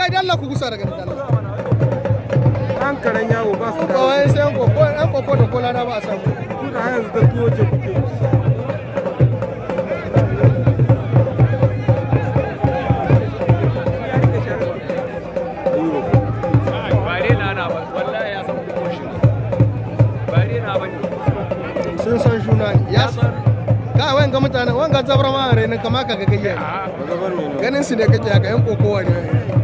kai dalla ku gusa daga dalla an karan yawo ba su da wai sai an da kola a ku da yanzu a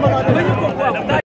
Vai,